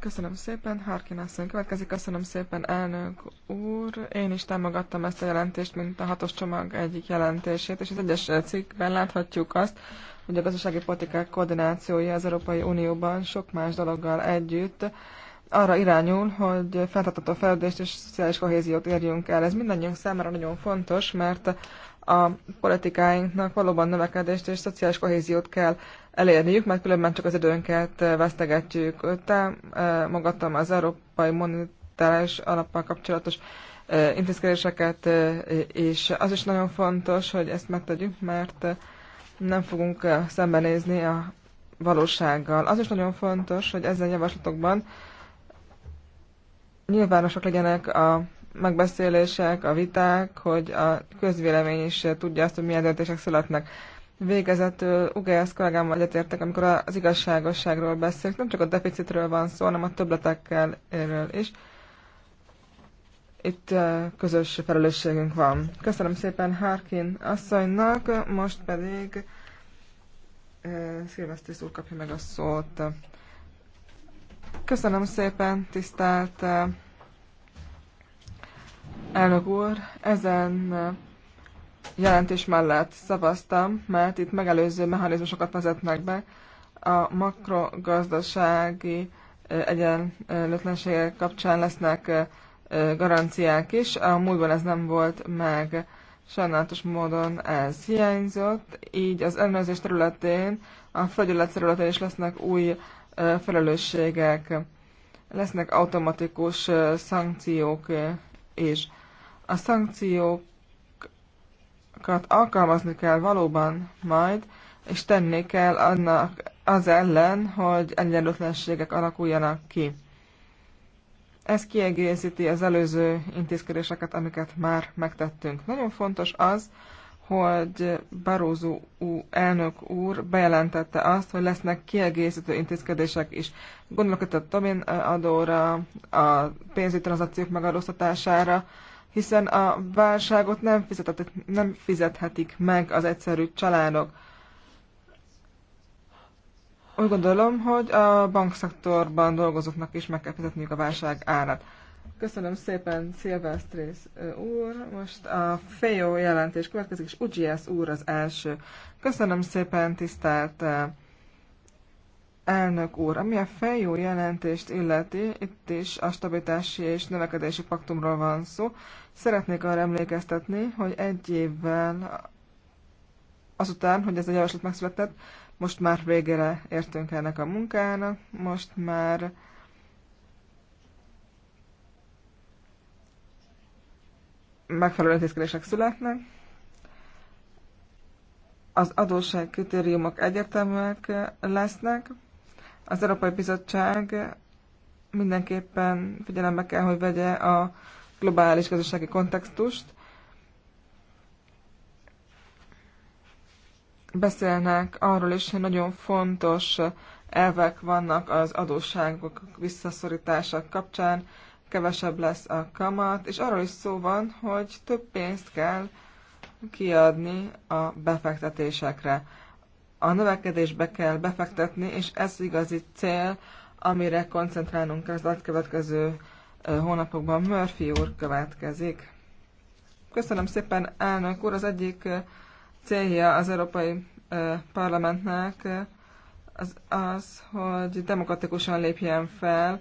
Köszönöm szépen, Harkin asszony következik. Köszönöm szépen, elnök úr. Én is támogattam ezt a jelentést, mint a hatos csomag egyik jelentését, és az egyes cikkben láthatjuk azt, hogy a gazdasági politikák koordinációja az Európai Unióban sok más dologgal együtt arra irányul, hogy fenntartható fejlődést és szociális kohéziót érjünk el. Ez mindannyiunk számára nagyon fontos, mert a politikáinknak valóban növekedést és szociális kohéziót kell elérniük, mert különben csak az időnket eh, vesztegetjük. magadtam az Európai Monetáris Alappal kapcsolatos eh, intézkedéseket, eh, és az is nagyon fontos, hogy ezt megtegyük, mert nem fogunk szembenézni a valósággal. Az is nagyon fontos, hogy ezen javaslatokban nyilvánosak legyenek a megbeszélések, a viták, hogy a közvélemény is tudja azt, hogy milyen döntések születnek. Végezetül Ugász kollégámmal egyetértek, amikor az igazságosságról beszélünk, nem csak a deficitről van szó, hanem a többletekkel erről is. Itt eh, közös felelősségünk van. Köszönöm szépen Harkin asszonynak, most pedig eh, Szilvesztész úr kapja meg a szót. Köszönöm szépen, tisztelt eh, elnök úr! Ezen jelentés mellett szavaztam, mert itt megelőző mechanizmusokat vezetnek be a makrogazdasági egyenlőtlenségek kapcsán lesznek garanciák is. A múltban ez nem volt meg. Sajnálatos módon ez hiányzott, így az ellenőrzés területén, a fegyület területén is lesznek új felelősségek, lesznek automatikus szankciók is. A szankciók alkalmazni kell valóban majd, és tenni kell annak az ellen, hogy egyenlőtlenségek alakuljanak ki. Ez kiegészíti az előző intézkedéseket, amiket már megtettünk. Nagyon fontos az, hogy Barózó elnök úr bejelentette azt, hogy lesznek kiegészítő intézkedések is. Gondolok itt a Tomin adóra, a pénzügyi tranzakciók megadóztatására, hiszen a válságot nem, fizethetik, nem fizethetik meg az egyszerű családok. Úgy gondolom, hogy a bankszektorban dolgozóknak is meg kell fizetniük a válság árat. Köszönöm szépen, Szilvesztrész úr. Most a FEO jelentés következik, és UGS úr az első. Köszönöm szépen, tisztelt elnök úr. Ami a FEO jelentést illeti, itt is a stabilitási és növekedési paktumról van szó, Szeretnék arra emlékeztetni, hogy egy évvel azután, hogy ez a javaslat megszületett, most már végére értünk ennek a munkának, most már megfelelő intézkedések születnek. Az adósság kritériumok egyértelműek lesznek. Az Európai Bizottság mindenképpen figyelembe kell, hogy vegye a globális gazdasági kontextust. Beszélnek arról is, hogy nagyon fontos elvek vannak az adósságok visszaszorítása kapcsán, kevesebb lesz a kamat, és arról is szó van, hogy több pénzt kell kiadni a befektetésekre. A növekedésbe kell befektetni, és ez igazi cél, amire koncentrálnunk kell az következő hónapokban. Murphy úr következik. Köszönöm szépen, elnök úr. Az egyik célja az Európai Parlamentnek az, az hogy demokratikusan lépjen fel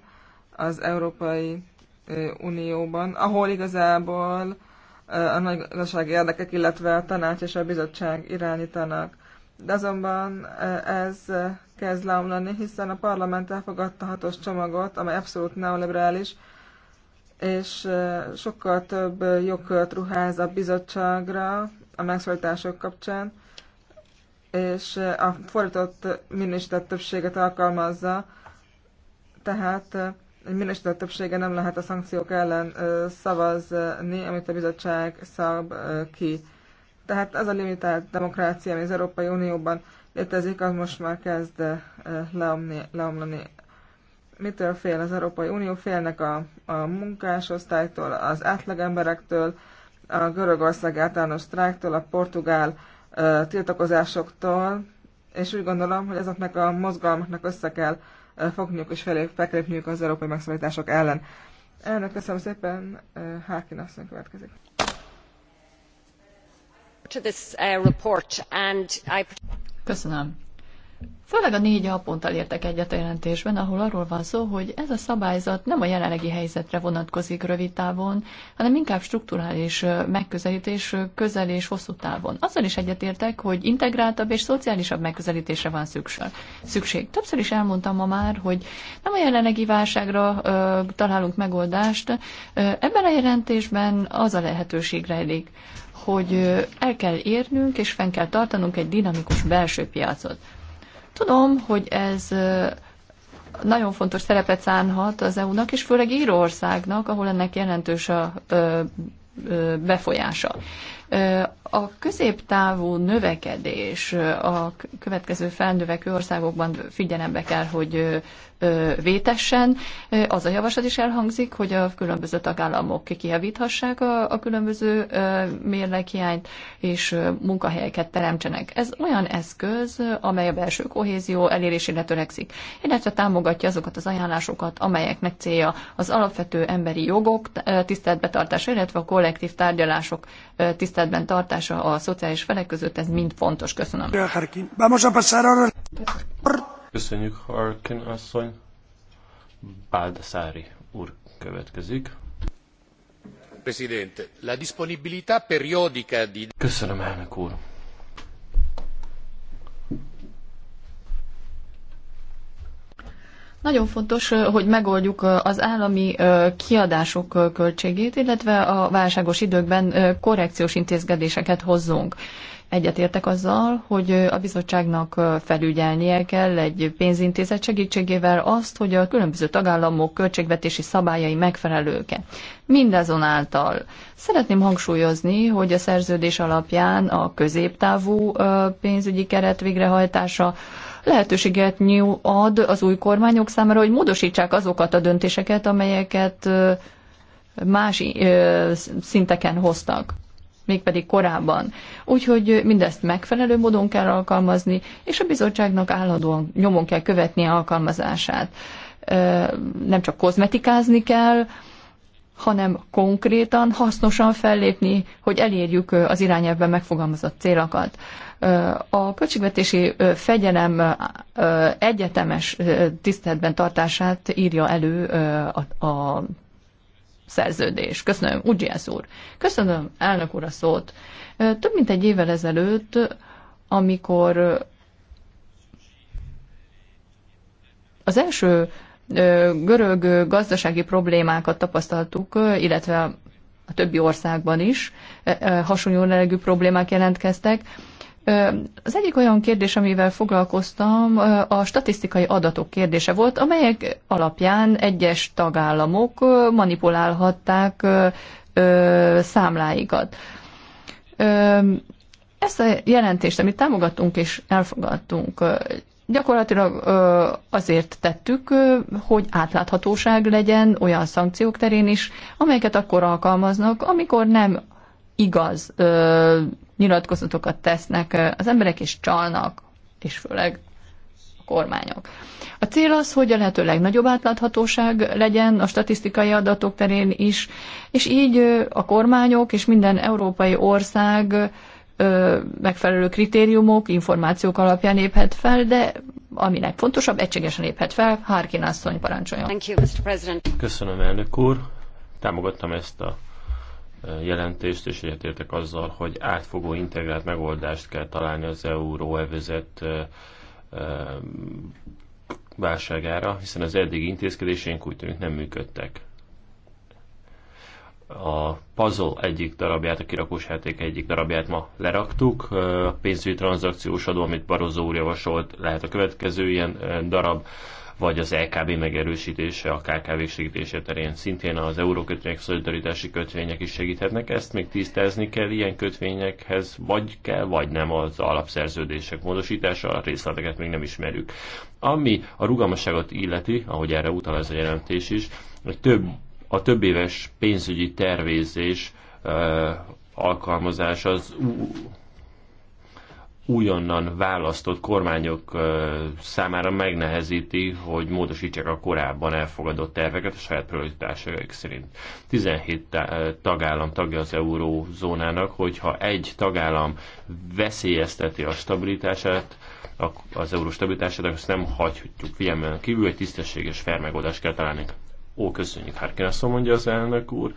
az Európai Unióban, ahol igazából a nagy gazdasági érdekek, illetve a tanács és a bizottság irányítanak. De azonban ez kezd leomlani, hiszen a parlament elfogadta hatos csomagot, amely abszolút neoliberális, és sokkal több jogkört ruház a bizottságra a megszólítások kapcsán, és a fordított minősített többséget alkalmazza, tehát egy minősített többsége nem lehet a szankciók ellen szavazni, amit a bizottság szab ki. Tehát ez a limitált demokrácia, ami az Európai Unióban létezik, az most már kezd leomni, leomlani mitől fél az Európai Unió? Félnek a, a munkásosztálytól, az átlagemberektől, a Görögország általános sztrájktól, a portugál ö, tiltakozásoktól, és úgy gondolom, hogy ezeknek a mozgalmaknak össze kell fogniuk és felépniük az európai megszólítások ellen. Elnök, köszönöm szépen, Hákin asszony következik. Uh, köszönöm Főleg a négy A ponttal értek egyet a jelentésben, ahol arról van szó, hogy ez a szabályzat nem a jelenlegi helyzetre vonatkozik rövid távon, hanem inkább strukturális megközelítés közel és hosszú távon. Azzal is egyetértek, hogy integráltabb és szociálisabb megközelítésre van szükség. szükség. Többször is elmondtam ma már, hogy nem a jelenlegi válságra ö, találunk megoldást. Ö, ebben a jelentésben az a lehetőség rejlik, hogy el kell érnünk és fenn kell tartanunk egy dinamikus belső piacot. Tudom, hogy ez nagyon fontos szerepet szánhat az EU-nak, és főleg Írországnak, ahol ennek jelentős a befolyása. A középtávú növekedés a következő felnövekő országokban figyelembe kell, hogy vétessen. Az a javaslat is elhangzik, hogy a különböző tagállamok kihavíthassák a, a különböző mérlekhiányt, és munkahelyeket teremtsenek. Ez olyan eszköz, amely a belső kohézió elérésére törekszik, illetve támogatja azokat az ajánlásokat, amelyeknek célja az alapvető emberi jogok tisztelt betartása, illetve a kollektív tárgyalások tiszteletben tartása a szociális felek között, ez mind fontos. Köszönöm. Vamos a pasar ahora. Köszönjük, Harkin asszony. Baldassari úr következik. Presidente, la disponibilità periodica di... Köszönöm, elnök úr. Nagyon fontos, hogy megoldjuk az állami kiadások költségét, illetve a válságos időkben korrekciós intézkedéseket hozzunk. Egyetértek azzal, hogy a bizottságnak felügyelnie kell egy pénzintézet segítségével azt, hogy a különböző tagállamok költségvetési szabályai megfelelőke. Mindazonáltal szeretném hangsúlyozni, hogy a szerződés alapján a középtávú pénzügyi keret végrehajtása lehetőséget nyúl ad az új kormányok számára, hogy módosítsák azokat a döntéseket, amelyeket más szinteken hoztak mégpedig korábban. Úgyhogy mindezt megfelelő módon kell alkalmazni, és a bizottságnak állandóan nyomon kell követni alkalmazását. Nem csak kozmetikázni kell, hanem konkrétan, hasznosan fellépni, hogy elérjük az irányelvben megfogalmazott célokat. A költségvetési fegyelem egyetemes tiszteletben tartását írja elő a szerződés. Köszönöm, Ugyász úr. Köszönöm, elnök úr a szót. Több mint egy évvel ezelőtt, amikor az első görög gazdasági problémákat tapasztaltuk, illetve a többi országban is hasonló jellegű problémák jelentkeztek, az egyik olyan kérdés, amivel foglalkoztam, a statisztikai adatok kérdése volt, amelyek alapján egyes tagállamok manipulálhatták számláikat. Ezt a jelentést, amit támogattunk és elfogadtunk, gyakorlatilag azért tettük, hogy átláthatóság legyen olyan szankciók terén is, amelyeket akkor alkalmaznak, amikor nem igaz nyilatkozatokat tesznek az emberek, és csalnak, és főleg a kormányok. A cél az, hogy a lehető legnagyobb átláthatóság legyen a statisztikai adatok terén is, és így a kormányok és minden európai ország megfelelő kritériumok, információk alapján éphet fel, de aminek fontosabb, egységesen éphet fel. Harkin asszony parancsoljon. Köszönöm, elnök úr. Támogattam ezt a jelentést, és egyetértek azzal, hogy átfogó integrált megoldást kell találni az euróövezet válságára, hiszen az eddigi intézkedéseink úgy tűnik nem működtek. A puzzle egyik darabját, a kirakós játék egyik darabját ma leraktuk. A pénzügyi tranzakciós adó, amit Barozó úr javasolt, lehet a következő ilyen darab vagy az LKB megerősítése a KKV segítése terén. Szintén az eurókötvények, szolidaritási kötvények is segíthetnek, ezt még tisztázni kell, ilyen kötvényekhez vagy kell, vagy nem az alapszerződések módosítása, a részleteket még nem ismerjük. Ami a rugalmasságot illeti, ahogy erre utal ez a jelentés is, hogy több, a több éves pénzügyi tervezés alkalmazás az újonnan választott kormányok számára megnehezíti, hogy módosítsák a korábban elfogadott terveket a saját prioritásaik szerint. 17 tagállam tagja az eurózónának, hogyha egy tagállam veszélyezteti a stabilitását, az euró stabilitását, akkor ezt nem hagyhatjuk figyelmen kívül, egy tisztességes felmegoldást kell találni. Ó, köszönjük, Harkin asszony, mondja az elnök úr.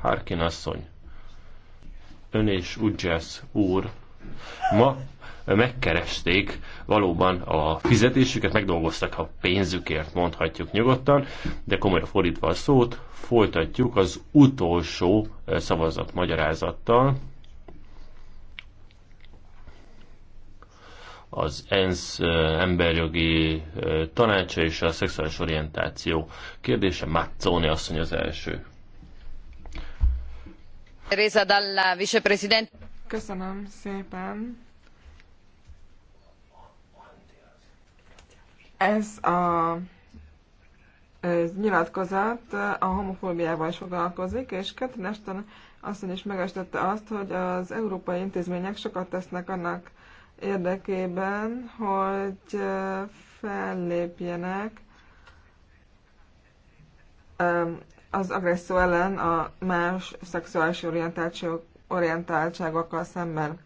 Harkin asszony, ön és Ugyász úr ma megkeresték valóban a fizetésüket, megdolgoztak a pénzükért, mondhatjuk nyugodtan, de komolyan fordítva a szót, folytatjuk az utolsó szavazat magyarázattal. az ENSZ emberjogi tanácsa és a szexuális orientáció kérdése. Mazzoni asszony az első. Teresa Dalla, vicepresidente. Köszönöm szépen. Ez a ez nyilatkozat a homofóbiával is foglalkozik, és Catherine Ashton asszony is megestette azt, hogy az európai intézmények sokat tesznek annak érdekében, hogy fellépjenek az agresszó ellen a más szexuális orientációk orientáltságokkal szemben.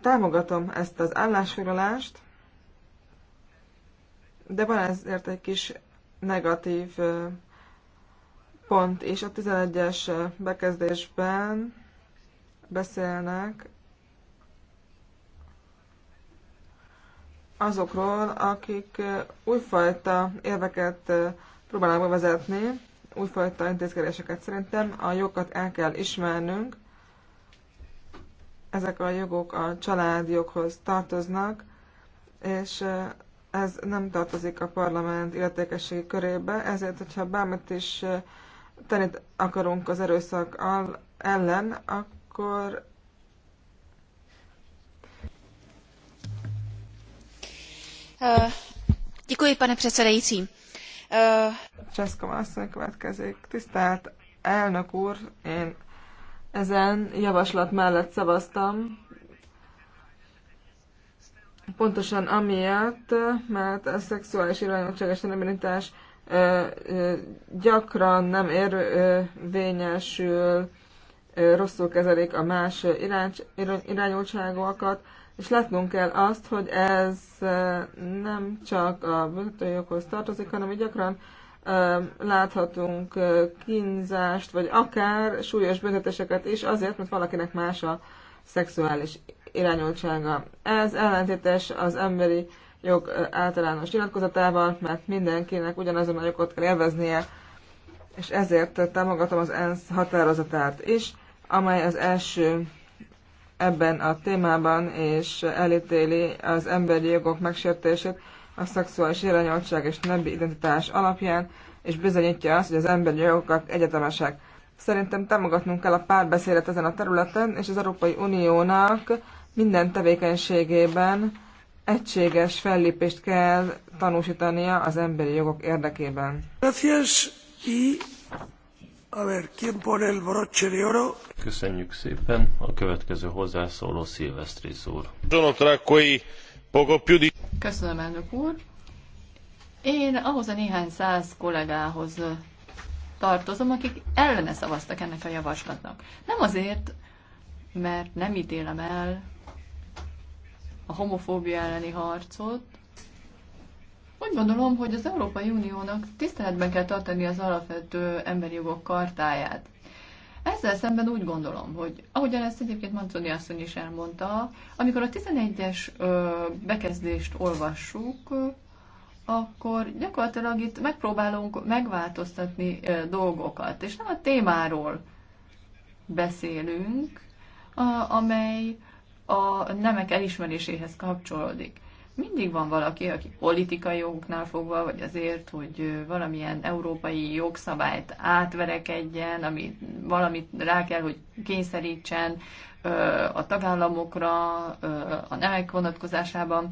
Támogatom ezt az állásfoglalást, de van ezért egy kis negatív pont is. A 11-es bekezdésben beszélnek azokról, akik újfajta érveket próbálnak bevezetni, újfajta intézkedéseket szerintem a jogokat el kell ismernünk. Ezek a jogok a családjoghoz tartoznak, és ez nem tartozik a parlament illetékességi körébe, ezért, hogyha bármit is tenni akarunk az erőszak ellen, akkor Děkuji, pane předsedající Cseszkom asszony következik. Tisztelt elnök úr, én ezen javaslat mellett szavaztam, Pontosan amiatt, mert a szexuális irányultság és nemirintás gyakran nem érvényesül, rosszul kezelik a más irány, irányultságokat, és látnunk kell azt, hogy ez nem csak a büntetőjoghoz tartozik, hanem gyakran láthatunk kínzást, vagy akár súlyos büntetéseket is azért, mert valakinek más a szexuális irányultsága. Ez ellentétes az emberi jog általános nyilatkozatával, mert mindenkinek ugyanazon a jogot kell élveznie, és ezért támogatom az ENSZ határozatát is, amely az első ebben a témában, és elítéli az emberi jogok megsértését a szexuális irányoltság és nembi identitás alapján, és bizonyítja azt, hogy az emberi jogokat egyetemesek. Szerintem támogatnunk kell a párbeszédet ezen a területen, és az Európai Uniónak minden tevékenységében egységes fellépést kell tanúsítania az emberi jogok érdekében. Gracias. Köszönjük szépen. A következő hozzászóló Szilvesztrész úr. Köszönöm, elnök úr. Én ahhoz a néhány száz kollégához tartozom, akik ellene szavaztak ennek a javaslatnak. Nem azért, mert nem ítélem el a homofóbia elleni harcot, úgy gondolom, hogy az Európai Uniónak tiszteletben kell tartani az alapvető emberi jogok kartáját. Ezzel szemben úgy gondolom, hogy ahogyan ezt egyébként Manconi asszony is elmondta, amikor a 11-es bekezdést olvassuk, akkor gyakorlatilag itt megpróbálunk megváltoztatni dolgokat, és nem a témáról beszélünk, amely a nemek elismeréséhez kapcsolódik mindig van valaki, aki politikai jogoknál fogva, vagy azért, hogy valamilyen európai jogszabályt átverekedjen, ami valamit rá kell, hogy kényszerítsen a tagállamokra, a nemek vonatkozásában.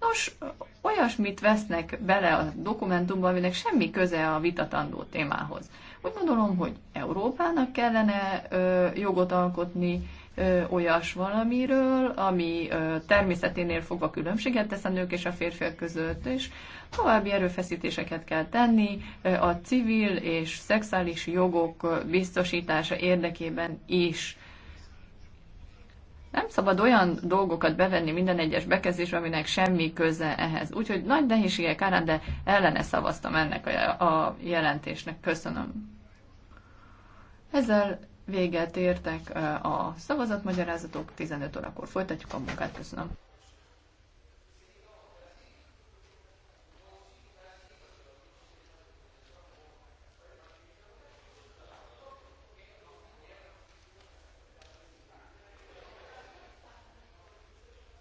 Nos, olyasmit vesznek bele a dokumentumban, aminek semmi köze a vitatandó témához. Úgy gondolom, hogy Európának kellene jogot alkotni, olyas valamiről, ami természeténél fogva különbséget tesz a nők és a férfiak között, és további erőfeszítéseket kell tenni a civil és szexuális jogok biztosítása érdekében is. Nem szabad olyan dolgokat bevenni minden egyes bekezdésre, aminek semmi köze ehhez. Úgyhogy nagy nehézségek árán, de ellene szavaztam ennek a jelentésnek. Köszönöm. Ezzel véget értek a szavazatmagyarázatok, 15 órakor folytatjuk a munkát. Köszönöm.